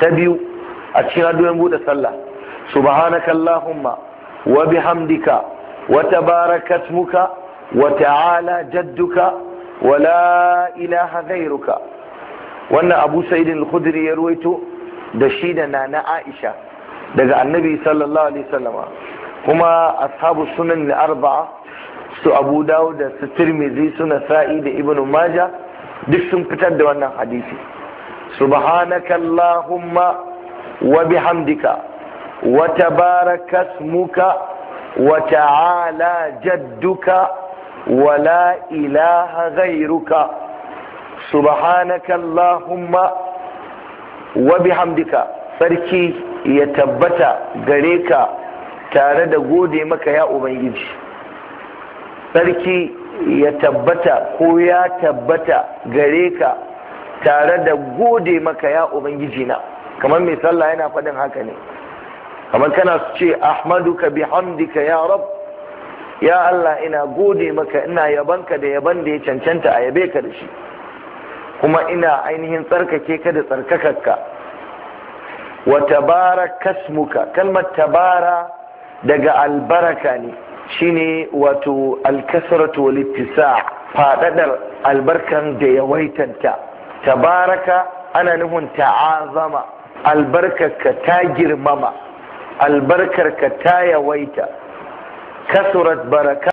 ta biyu a cikin addu'o'in bude sallah subhanaka allahumma wa bihamdika wa tabarakatmuka wa ta'ala jadduka wa la ilaha ghairuka wannan abu sa'idin al-khudri ya ruwaito da shi da nana aisha daga annabi sallallahu alaihi wasallama kuma ashabu sunan al-arba'a su abu dawud da su tirmidhi suna sa'i da ibnu majah duk sun fitar da wannan hadisi سبحانك اللهم وبحمدك وتبارك اسمك وتعالى جدك ولا إله غيرك سبحانك اللهم وبحمدك sarki ya tabbata gare ka tare da gode maka ya ubangiji sarki ya tabbata ko ya tabbata gare ka tare da gode maka ya ubangiji na kamar mai sallah yana faɗin haka ne kamar kana su ce Ahmadu ka Hamdi ka ya rab ya Allah ina gode maka ina yabanka da yaban da ya cancanta a yabe ka da shi kuma ina ainihin tsarkake ka da tsarkakakka wa tabara kasmuka kalmar tabara daga albaraka ne shine wato alkasar wal faɗaɗar fadadar albarkan da yawaitanta tabaraka ana nufin ta'azama albarkarka ta girmama albarkarka ta yawaita kasurat baraka